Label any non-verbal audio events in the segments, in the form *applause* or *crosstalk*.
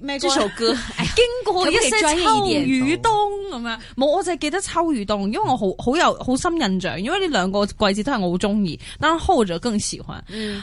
咩歌？ *laughs* 經過一聲秋雨冬咁樣，冇， *laughs* 我就係記得秋雨冬，因為我好好有好深印象，因為呢兩個季節都係我好中意，但係後者更喜歡。嗯。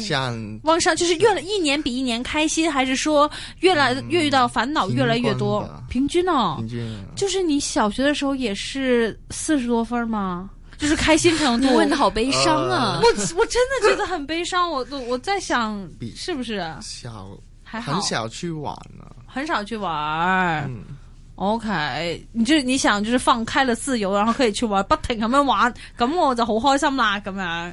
想往上就是越一年比一年開心，還是說越來越遇到煩惱越來越多？平均，平均哦，平均就是你小學的時候也是四十多分嗎？就是開心程度？ *laughs* 你問的好悲傷啊！ *laughs* 我我真的覺得很悲傷。我我我在想， *laughs* 是不是小還好很少去玩、啊、很少去玩。嗯，OK，你就你想就是放開了自由，然後可以去玩，不停咁樣玩，咁 *laughs* 我就好開心啦，咁樣。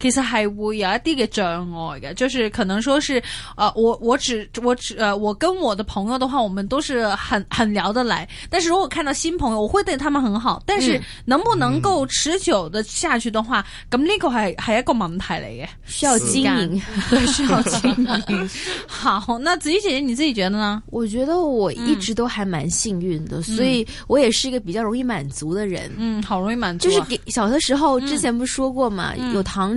其實還會有一啲嘅障礙嘅，就是可能說，是，呃，我我只我只，呃，我跟我的朋友的話，我們都是很很聊得來。但是如果看到新朋友，我會對他們很好，但是能不能夠持久的下去的話，咁、嗯、呢個還還一個問題嚟嘅，需要經營， *laughs* 需要經營。好，那子怡姐姐你自己覺得呢？我覺得我一直都還蠻幸運的、嗯，所以我也是一個比較容易滿足的人。嗯，好容易滿足、啊，就是給，小的時候之前不是說過嘛、嗯，有糖。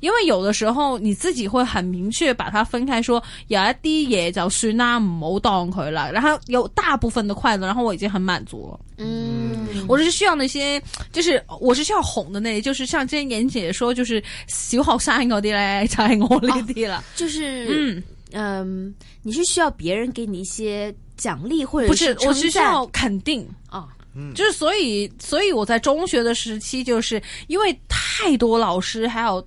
因為有的時候你自己會很明確把它分開，說有一啲嘢就算啦，唔好當佢啦。然後有大部分的快樂，然後我已經很滿足了。嗯，我是需要那些，就是我是需要哄的那些，就是像今天妍姐說，就是小好晒嗰啲咧，才我呢啲啦。就是嗯嗯，嗯，你是需要別人給你一些獎勵或者是稱讚，不是我是需要肯定啊。嗯、哦，就是所以所以我在中學的時期，就是因為太多老師還有。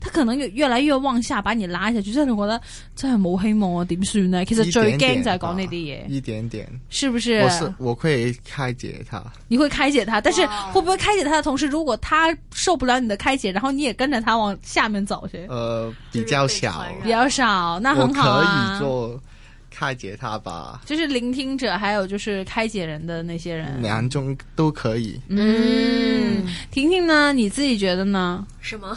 他可能越越來越往下把你拉下去，真我覺得真係冇希望啊，麼點算呢？其實最驚就係講呢啲嘢，一點點，是不是？我是我會開解他，你會開解他，但是會不會開解他的同時，如果他受不了你的開解，然後你也跟着他往下面走去？呃，比較小，比較少，那很好，啊，我可以做開解他吧？就是聆聽者，還有就是開解人的那些人，兩種都可以。嗯，婷，嗯，婷呢？你自己覺得呢？什麼？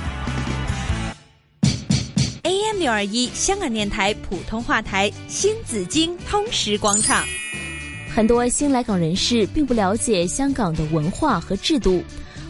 AM 六二一香港電台普通話台新紫荊通識廣場，很多新來港人士並不了解香港的文化和制度。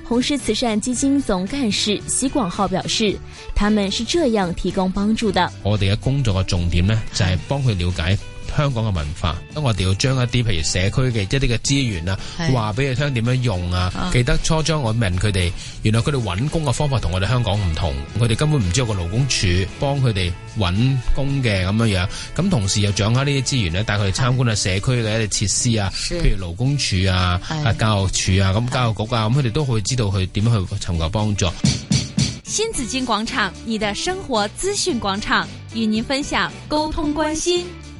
紅石慈善基金總幹事習廣浩表示，他們是這樣提供幫助的：我哋嘅工作嘅重點呢，就係幫佢了解，香港嘅文化，咁我哋要將一啲，譬如社區嘅一啲嘅資源啊，話俾佢聽點樣用啊。記得初初我問佢哋，原來佢哋搵工嘅方法同我哋香港唔同，佢哋根本唔知有個勞工處幫佢哋搵工嘅咁樣樣。咁同時又掌握呢啲資源咧，帶佢哋參觀啊社區嘅一啲設施啊，譬如勞工處啊，啊、教育處啊、咁教育局啊，咁佢哋都可以知道佢點樣去尋求幫助。新紫荊廣場，你的生活資訊廣場，與您分享溝通關心。